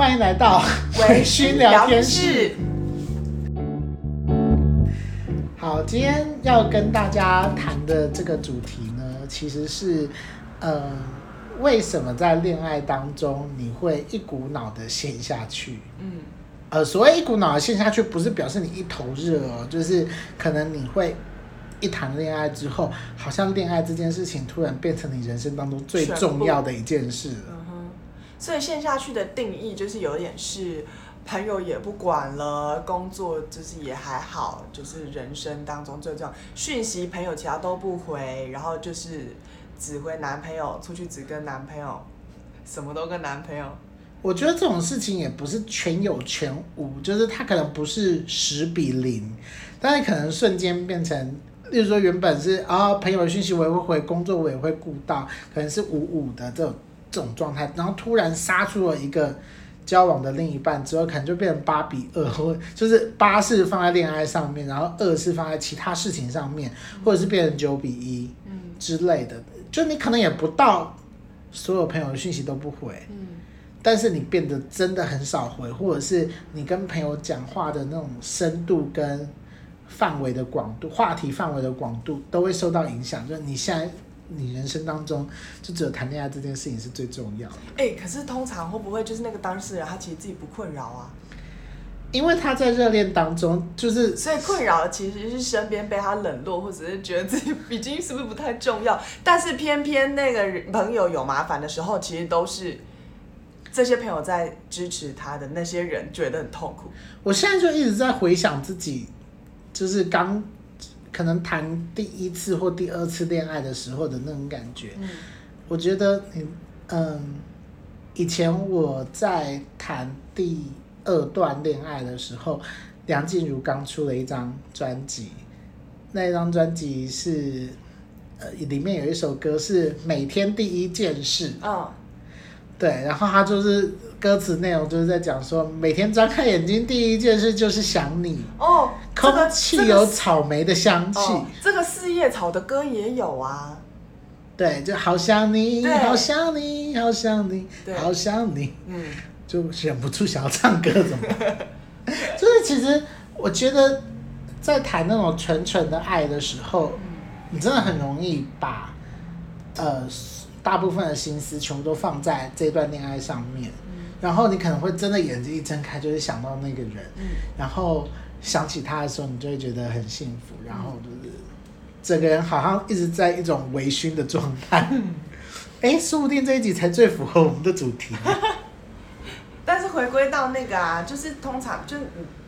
歡迎來到微醺 聊天室。好，今天要跟大家談的這個主題呢，其實是，呃，為什麼在戀愛當中你會一股腦的陷下去？嗯，呃，所謂一股腦的陷下去，不是表示你一頭熱、哦，嗯、就是可能你會一談戀愛之後，好像戀愛這件事情突然變成你人生當中最重要的一件事。所以陷下去的定義就是有點是朋友也不管了，工作就是也還好，就是人生當中就這樣，訊息朋友其他都不回，然後就是只回男朋友，出去只跟男朋友，什麼都跟男朋友。我覺得這種事情也不是全有全無，就是他可能不是十比零，但是可能瞬間變成，例如說原本是啊朋友的訊息我也會回，工作我也會顧到，可能是五五的這種。這種狀態，然後突然殺出了一個交往的另一半之後，可能就變成八比二，或就是八是放在戀愛上面，然後二是放在其他事情上面，或者是變成九比一之類的。嗯、就你可能也不到所有朋友的訊息都不回，嗯、但是你變得真的很少回，或者是你跟朋友講話的那種深度跟範圍的廣度，話題範圍的廣度都會受到影響。就你現在。你人生當中就只有談戀愛這件事情是最重要的。哎，可是通常會不會就是那個當事人他其實自己不困擾啊？因為他在熱戀當中，就是所以困擾其實是身邊被他冷落，或者是覺得自己已經是不是不太重要。但是偏偏那個朋友有麻煩的時候，其實都是這些朋友在支持他的那些人覺得很痛苦。我現在就一直在回想自己，就是剛。可能談第一次或第二次戀愛的時候的那種感覺，嗯、我覺得嗯嗯，以前我在談第二段戀愛的時候，梁靜茹剛出了一張專輯，那張專輯是呃裡面有一首歌是每天第一件事哦，對，然後它就是歌詞內容就是在講說每天睜開眼睛第一件事就是想你哦。空氣有草莓的香氣，這個，這個哦，這個四葉草的歌也有啊。對，就好想你，好想你，對好想你，好想你。嗯，就忍不住想要唱歌，怎麼？就是 其實我覺得，在談那種純純的愛的時候，嗯、你真的很容易把呃大部分的心思全部都放在這段戀愛上面。嗯、然後你可能會真的眼睛一睜開就會想到那個人。嗯、然後。想起他的時候，你就會覺得很幸福，然後就是整個人好像一直在一種微醺的狀態。哎、嗯欸，說不定這一集才最符合我們的主題啊。但是回歸到那個啊，就是通常就是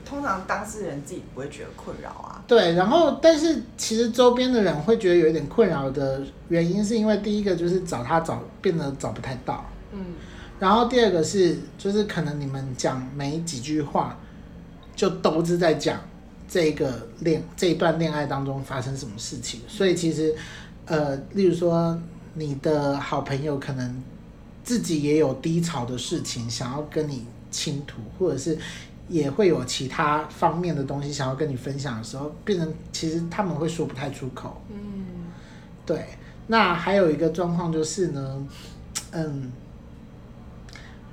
通常當事人自己不會覺得困擾啊。對，然後但是其實週邊的人會覺得有點困擾的原因，是因為第一個就是找他找變得找不太到，嗯，然後第二個是就是可能你們講沒幾句話。就都是在講這個戀這一段戀愛當中發生什麼事情，所以其實，呃，例如說你的好朋友可能自己也有低潮的事情想要跟你傾吐，或者是也會有其他方面的東西想要跟你分享的時候，變成其實他們會說不太出口。嗯，對。那還有一個狀況就是呢，嗯，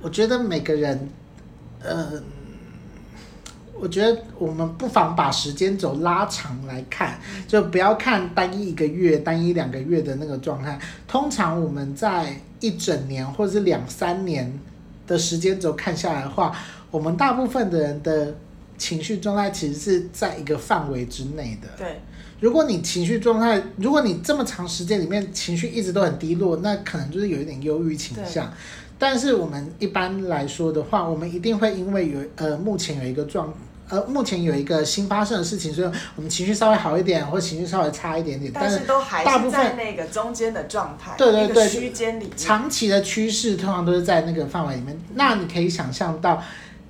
我覺得每個人，嗯。我覺得我們不妨把時間軸拉長來看，就不要看單一一個月、單一兩個月的那個狀態。通常我們在一整年或者是兩三年的時間軸看下來的話，我們大部分的人的情緒狀態其實是在一個範圍之內的。對，如果你情緒狀態，如果你這麼長時間裡面情緒一直都很低落，那可能就是有一點憂鬱傾向。對但是我們一般來說的話，我們一定會因為有呃目前有一個狀。呃，而目前有一個新發生的事情，所以我們情緒稍微好一點，或情緒稍微差一點點，但是都還是在那個中間的狀態，一個區間裡面。長期的趨勢通常都是在那個範圍裡面。那你可以想象到，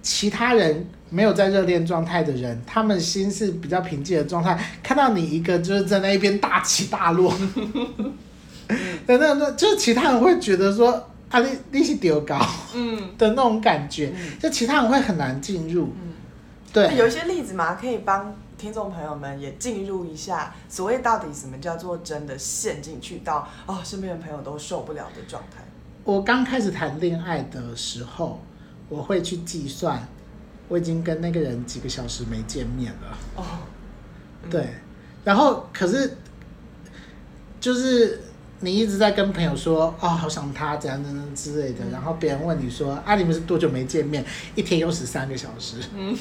其他人沒有在熱戀狀態的人，他們心是比較平靜的狀態，看到你一個就是在那一邊大起大落，那那那就是其他人會覺得說啊，你你是丟高，嗯的那種感覺，嗯、就其他人會很難進入。嗯對，有一些例子嘛，可以幫聽眾朋友們也進入一下，所謂到底什麼叫做真的陷進去到哦，身邊的朋友都受不了的狀態。我剛開始談戀愛的時候，我會去計算，我已經跟那個人幾個小時沒見面了。哦，oh, 對，嗯、然後可是就是你一直在跟朋友說，嗯、哦，好想他，怎樣怎樣之類的，嗯、然後別人問你說，啊，你們是多久沒見面？一天有十三個小時。嗯。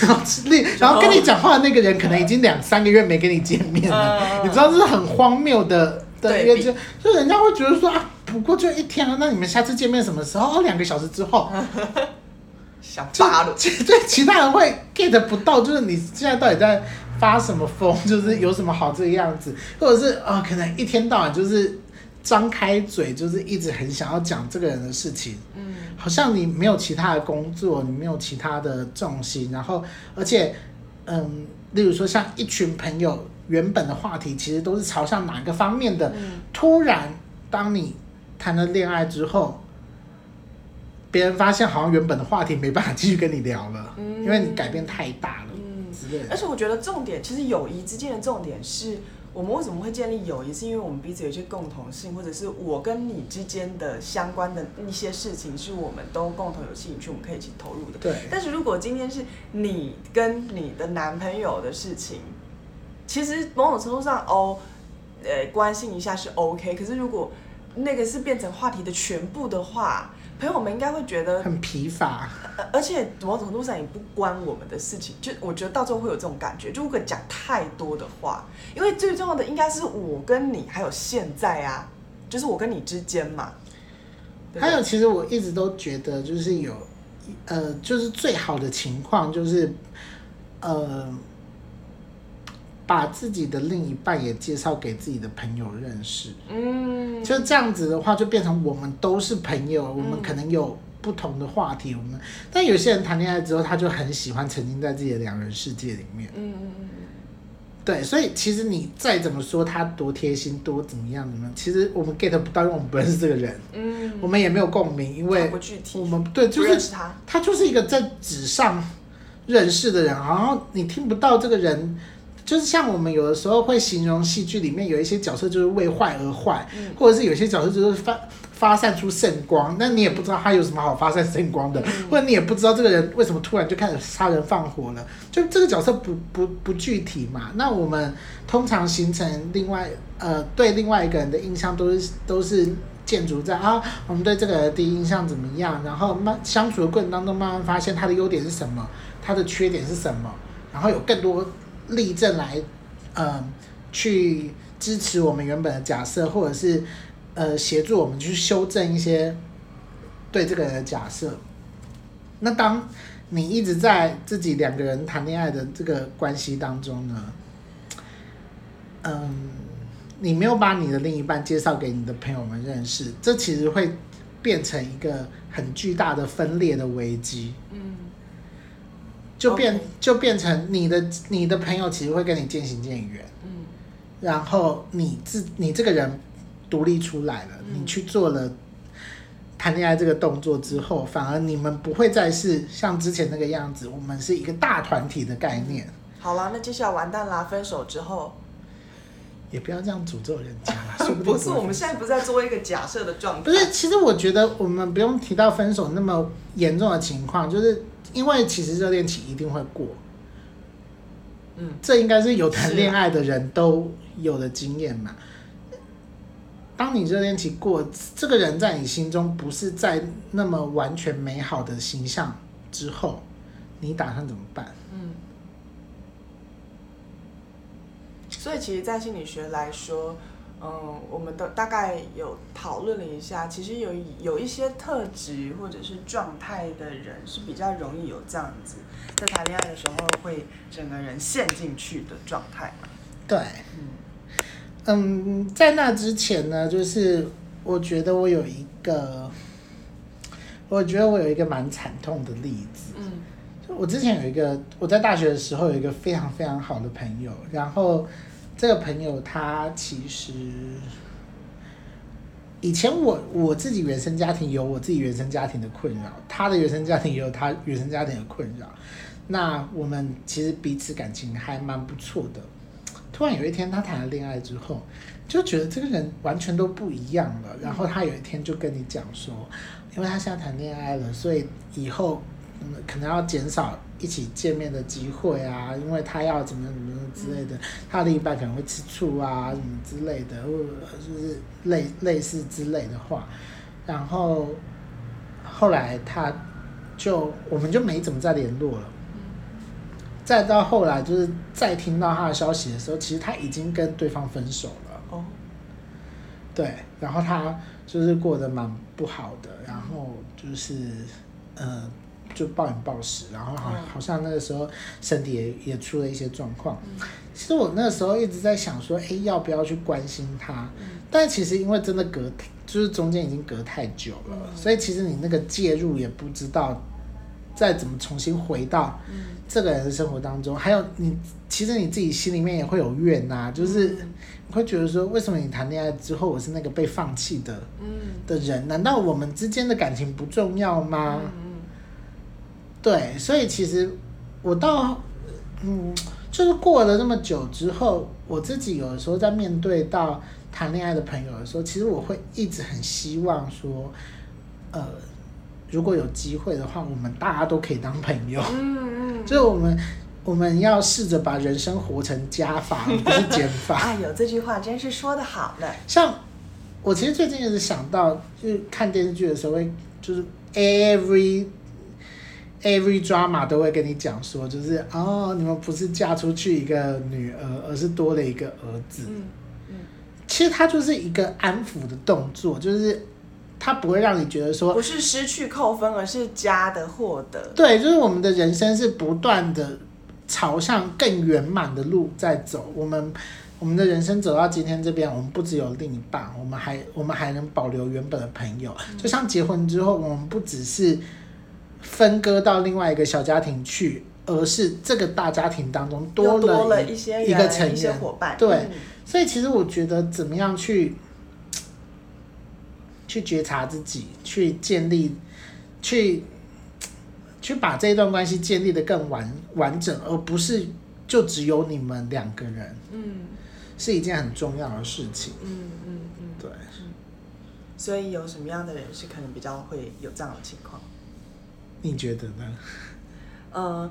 然後 然後跟你講話的那個人可能已經兩三個月沒跟你見面了，你知道這是很荒謬的的一個事，就人家會覺得說啊，不過就一天了、啊。那你們下次見面什麼時候？兩個小時之後。小了。其對其他人會 get 不到，就是你現在到底在發什麼瘋？就是有什麼好這個樣子，或者是啊、呃，可能一天到晚就是。張開嘴就是一直很想要講這個人的事情，嗯，好像你沒有其他的工作，你沒有其他的重心，然後而且，嗯，例如說像一群朋友原本的話題其實都是朝向哪個方面的，突然當你談了戀愛之後，別人發現好像原本的話題沒辦法繼續跟你聊了，因為你改變太大了是不是嗯，嗯，而且我覺得重點其實友誼之間的重點是。我們為什麼會建立友誼？是因為我們彼此有一些共同性，或者是我跟你之間的相關的一些事情是我們都共同有興趣，我們可以一起投入的。對。但是如果今天是你跟你的男朋友的事情，其實某種程度上，哦，呃，關心一下是 OK。可是如果那個是變成話題的全部的話，朋友們應該會覺得很疲乏，而且某種、嗯、程度上也不關我們的事情。就我覺得到時候會有這種感覺，就如果講太多的話，因為最重要的應該是我跟你還有現在啊，就是我跟你之間嘛。對對還有，其實我一直都覺得，就是有，呃，就是最好的情況就是，呃。把自己的另一半也介紹給自己的朋友認識，嗯，就這樣子的話，就變成我們都是朋友，嗯、我們可能有不同的話題，我們，但有些人談戀愛之後，他就很喜歡沉浸在自己的兩人世界裡面，嗯嗯嗯對，所以其實你再怎麼說他多貼心多怎麼樣呢？其實我們 get 不到，因為我們不認識這個人，嗯，我們也沒有共鳴，因為我們對，就是他，他就是一個在紙上認識的人，然後你聽不到這個人。就是像我們有的時候會形容戲劇裡面有一些角色就是為壞而壞，嗯、或者是有些角色就是發發散出聖光，那你也不知道他有什麼好發散聖光的，嗯、或者你也不知道這個人為什麼突然就開始殺人放火了，就這個角色不不不具體嘛。那我們通常形成另外呃對另外一個人的印象都是都是建築在啊，我們對這個人第一印象怎麼樣，然後慢相處的過程當中慢慢發現他的優點是什麼，他的缺點是什麼，然後有更多。例證來，嗯、呃，去支持我們原本的假設，或者是呃協助我們去修正一些對這個人的假設。那當你一直在自己兩個人談戀愛的這個關係當中呢，嗯、呃，你沒有把你的另一半介紹給你的朋友們認識，這其實會變成一個很巨大的分裂的危機。就變 Okay. 就變成你的你的朋友其實會跟你漸行漸遠，嗯、然後你自你這個人獨立出來了，嗯、你去做了談戀愛這個動作之後，反而你們不會再是像之前那個樣子，我們是一個大團體的概念。好啦，那接下來完蛋啦，分手之後也不要這樣詛咒人家了， 不是？我們現在不是在做一個假設的狀態， 不是？其實我覺得我們不用提到分手那麼嚴重的情況，嗯、就是。因為其實熱戀期一定會過，嗯，這應該是有談戀愛的人都有的經驗嘛。是當你熱戀期過，這個人在你心中不是在那麼完全美好的形象之後，你打算怎麼辦？嗯。所以其實，在心理學來說，嗯，我們都大概有討論了一下，其實有有一些特質或者是狀態的人是比較容易有這樣子，在談戀愛的時候會整個人陷進去的狀態。對，嗯嗯，在那之前呢，就是我覺得我有一個，我覺得我有一個蠻慘痛的例子。嗯，就我之前有一個，我在大學的時候有一個非常非常好的朋友，然後。這個朋友他其實，以前我我自己原生家庭有我自己原生家庭的困擾，他的原生家庭也有他原生家庭的困擾。那我們其實彼此感情還蠻不錯的。突然有一天他談了戀愛之後，就覺得這個人完全都不一樣了。然後他有一天就跟你講說，因為他現在談戀愛了，所以以後。可能要減少一起見面的機會啊，因為他要怎麼怎麼之類的，他另一半可能會吃醋啊，什麼之類的，或者就是類類似之類的話。然後後來他就我們就沒怎麼再聯絡了。再到後來，就是再聽到他的消息的時候，其實他已經跟對方分手了。哦。對，然後他就是過得蠻不好的，然後就是嗯。呃就暴飲暴食，然後好好像那個時候身體也也出了一些狀況。嗯、其實我那個時候一直在想說，誒、欸，要不要去關心他？嗯、但其實因為真的隔，就是中間已經隔太久了，嗯、所以其實你那個介入也不知道再怎麼重新回到這個人的生活當中。還有你其實你自己心裡面也會有怨吶、啊，就是你會覺得說，為什麼你談戀愛之後我是那個被放棄的、嗯、的人？難道我們之間的感情不重要嗎？嗯對，所以其實我到，嗯，就是過了那麼久之後，我自己有的時候在面對到談戀愛的朋友的時候，其實我會一直很希望說，呃，如果有機會的話，我們大家都可以當朋友。嗯嗯。就是我們我們要試着把人生活成加法，不是減法。 啊，有這句話真是說得好呢。像我其實最近也是想到，就是看電視劇的時候會，就是 every。Every drama 都會跟你講說，就是哦，你們不是嫁出去一個女兒，而是多了一個兒子。嗯嗯。其實它就是一個安撫的動作，就是它不會讓你覺得說，不是失去扣分，而是加的獲得。對，就是我們的人生是不斷的朝向更圓滿的路在走。我們我們的人生走到今天這邊，我們不只有另一半，我們還我們還能保留原本的朋友。嗯。就像結婚之後，我們不只是。分割到另外一個小家庭去，而是這個大家庭當中多了,多了一些，一個成員，一些伙伴。對，嗯、所以其實我覺得怎麼樣去去覺察自己，去建立，去去把這一段關係建立得更完完整，而不是就只有你們兩個人。嗯，是一件很重要的事情。嗯嗯嗯，嗯嗯對嗯。所以有什麼樣的人是可能比較會有這樣的情況？你覺得呢？嗯、呃，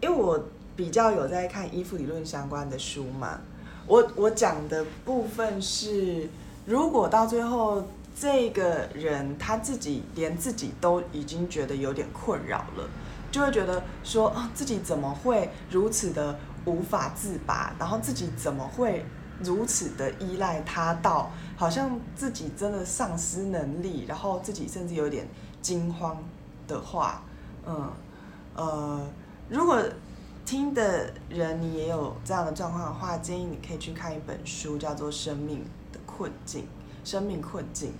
因為我比較有在看依附理論相關的書嘛，我我講的部分是，如果到最後這個人他自己連自己都已經覺得有點困擾了，就會覺得說啊，自己怎麼會如此的無法自拔，然後自己怎麼會如此的依賴他到好像自己真的喪失能力，然後自己甚至有點驚慌。的話，嗯，呃，如果聽的人你也有這樣的狀況的話，建議你可以去看一本書，叫做《生命的困境》。生命困境，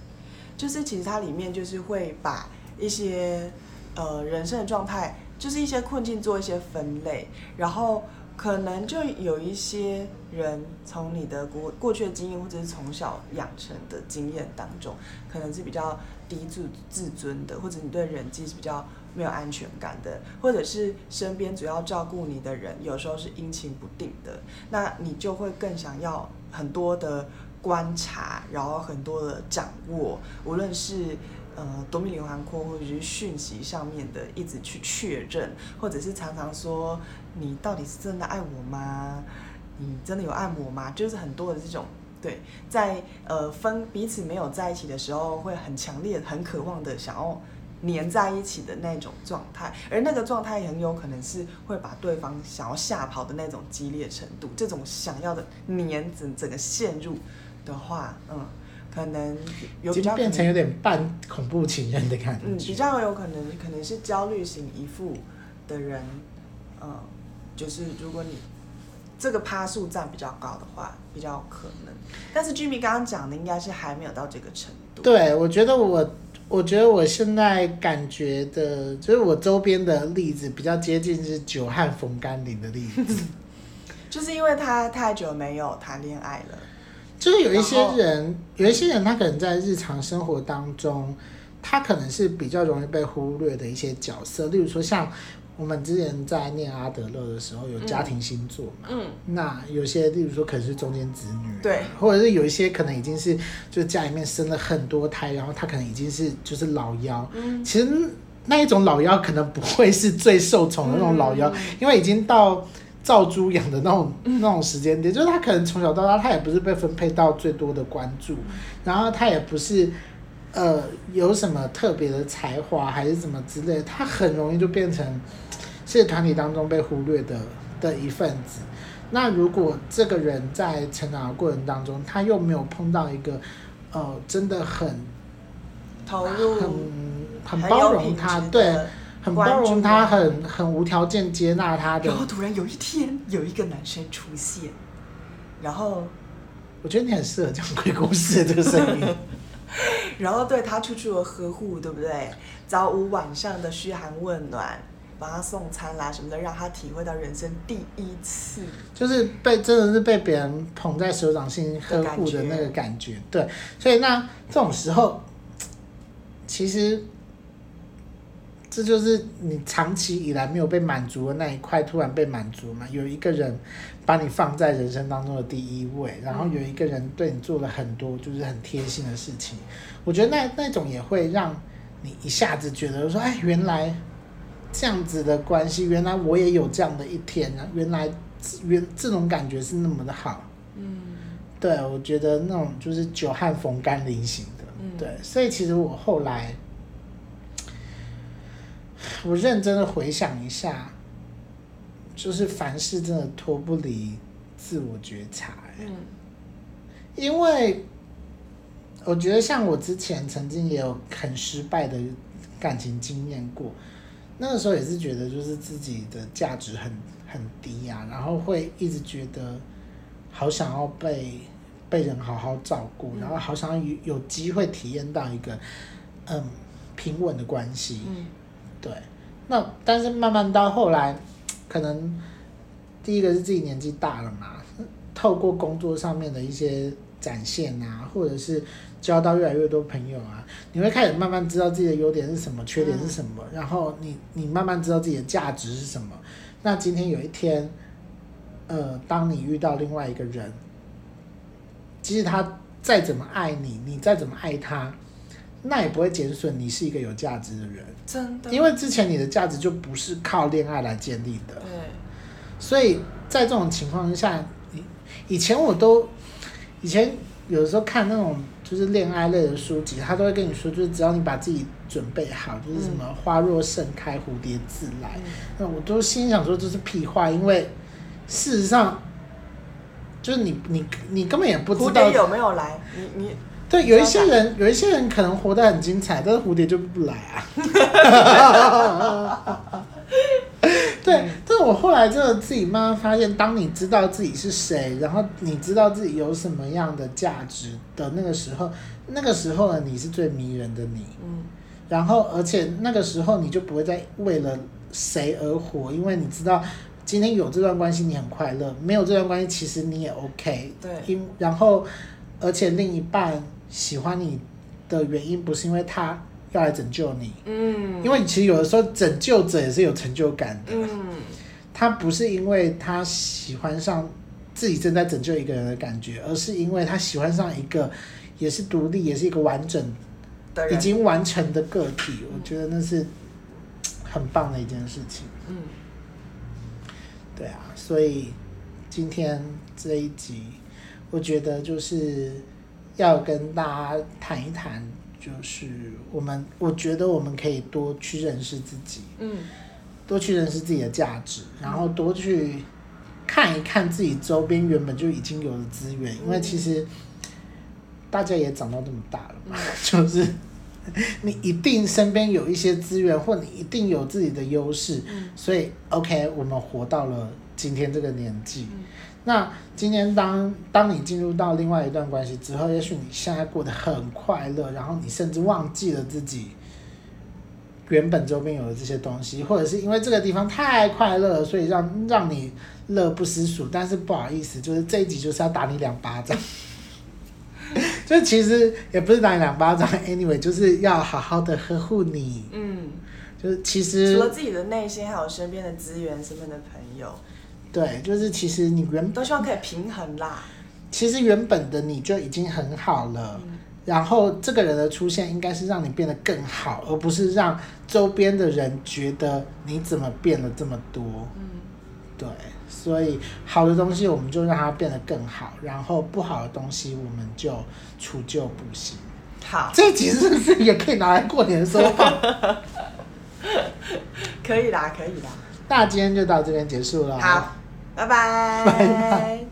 就是其實它裡面就是會把一些呃人生的狀態，就是一些困境做一些分類，然後。可能就有一些人從你的過過去的經驗，或者是從小養成的經驗當中，可能是比較低自自尊的，或者你對人際是比較沒有安全感的，或者是身邊主要照顧你的人有時候是陰晴不定的，那你就會更想要很多的觀察，然後很多的掌握，無論是。呃，奪命連環 call 或者是訊息上面的，一直去確認，或者是常常說，你到底是真的愛我嗎？你真的有愛我嗎？就是很多的這種，對，在呃分彼此沒有在一起的時候，會很強烈、很渴望的想要粘在一起的那種狀態，而那個狀態很有可能是會把對方想要嚇跑的那種激烈程度，這種想要的粘，整整個陷入的話，嗯。可能已經變成有點半恐怖情人的感覺。嗯，比較有可能，可能是焦慮型依附的人，嗯，就是如果你這個趴數占比較高的話，比較有可能。但是 Jimmy 剛剛講的應該是還沒有到這個程度。對，我覺得我，我覺得我現在感覺的，就是我周邊的例子比較接近是久旱逢甘霖的例子， 就是因為他太久沒有談戀愛了。就是有一些人，後有一些人，他可能在日常生活當中，他可能是比較容易被忽略的一些角色。例如說，像我們之前在念阿德勒的時候，有家庭星座嘛，嗯，嗯那有些，例如說，可能是中間子女、啊，對，或者是有一些可能已經是就家裡面生了很多胎，然後他可能已經是就是老幺。嗯，其實那一種老幺可能不會是最受寵的那種老幺，嗯、因為已經到。照豬養的那種那種時間點，就是他可能從小到大，他也不是被分配到最多的關注，然後他也不是，呃，有什麼特別的才華還是什麼之類，他很容易就變成，是團體當中被忽略的的一份子。那如果這個人在成長的過程當中，他又沒有碰到一個，呃，真的很投入、啊、很很包容他，對。很包容他很，很很無條件接納他的。然後突然有一天，有一個男生出現，然後我覺得你很適合講鬼故事這個聲音。就是、對 然後對他處處的呵護，對不對？早午晚上的噓寒問暖，幫他送餐啦什麼的，讓他體會到人生第一次，就是被真的是被別人捧在手掌心呵護的那個感覺。對，所以那這種時候，其實。這就是你長期以來沒有被滿足的那一塊突然被滿足嘛？有一個人把你放在人生當中的第一位，然後有一個人對你做了很多就是很貼心的事情，我覺得那那種也會讓你一下子覺得說，哎，原來這樣子的關係，原來我也有這樣的一天啊，原來原這種感覺是那麼的好，嗯，對，我覺得那種就是久旱逢甘霖型的，嗯，對，所以其實我後來。我認真的回想一下，就是凡事真的脫不離自我覺察。嗯，因為我覺得像我之前曾經也有很失敗的感情經驗過，那個時候也是覺得就是自己的價值很很低呀，啊，然後會一直覺得好想要被被人好好照顧，嗯、然後好想要有有機會體驗到一個嗯平穩的關係。嗯。對，那但是慢慢到後來，可能第一個是自己年紀大了嘛，透過工作上面的一些展現啊，或者是交到越來越多朋友啊，你會開始慢慢知道自己的優點是什麼，缺點是什麼，嗯、然後你你慢慢知道自己的價值是什麼。那今天有一天，呃，當你遇到另外一個人，即使他再怎麼愛你，你再怎麼愛他。那也不會減損你是一個有價值的人，真的。因為之前你的價值就不是靠戀愛來建立的。對。所以在這種情況之下，以前我都，以前有時候看那種就是戀愛類的書籍，他、嗯、都會跟你說，就是只要你把自己準備好，就是什麼花若盛開，蝴蝶自來。嗯、那我都心想說，這是屁話，因為事實上，就是你你你根本也不知道蝴蝶有沒有來，你你。對，有一些人，有一些人可能活得很精彩，但是蝴蝶就不來啊。 對，嗯、但我後來真的自己慢慢發現，當你知道自己是誰，然後你知道自己有什麼樣的價值的那個時候，那個時候呢，你是最迷人的你。嗯、然後，而且那個時候你就不會再為了誰而活，因為你知道，今天有這段關係你很快樂，沒有這段關係其實你也 OK。對。因然後，而且另一半。喜歡你的原因不是因為他要來拯救你，嗯，因為其實有的時候拯救者也是有成就感的，嗯，他不是因為他喜歡上自己正在拯救一個人的感覺，而是因為他喜歡上一個也是獨立，也是一個完整、當然。已經完成的個體。我覺得那是很棒的一件事情。嗯，嗯，對啊，所以今天這一集，我覺得就是。要跟大家談一談，就是我們，我覺得我們可以多去認識自己，嗯，多去認識自己的價值，然後多去看一看自己周邊原本就已經有的資源，嗯，因為其實大家也長到這麼大了嘛，嗯，就是你一定身邊有一些資源，或你一定有自己的優勢，嗯，所以 OK，我們活到了今天這個年紀。嗯那今天當當你進入到另外一段關係之後，也許你現在過得很快樂，然後你甚至忘記了自己原本周邊有的這些東西，或者是因為這個地方太快樂了，所以讓讓你樂不思蜀。但是不好意思，就是這一集就是要打你兩巴掌， 就其實也不是打你兩巴掌，anyway，就是要好好的呵護你。嗯，就是其實除了自己的內心，還有身邊的資源，身邊的朋友。對，就是其實你原本都希望可以平衡啦。其實原本的你就已經很好了，嗯、然後這個人的出現應該是讓你變得更好，而不是讓周邊的人覺得你怎麼變得這麼多。嗯、對，所以好的東西我們就讓它變得更好，然後不好的東西我們就除舊布新。好，這其實是也可以拿來過年說吧。 可以啦，可以啦。那今天就到這邊結束了，好，拜拜。拜拜。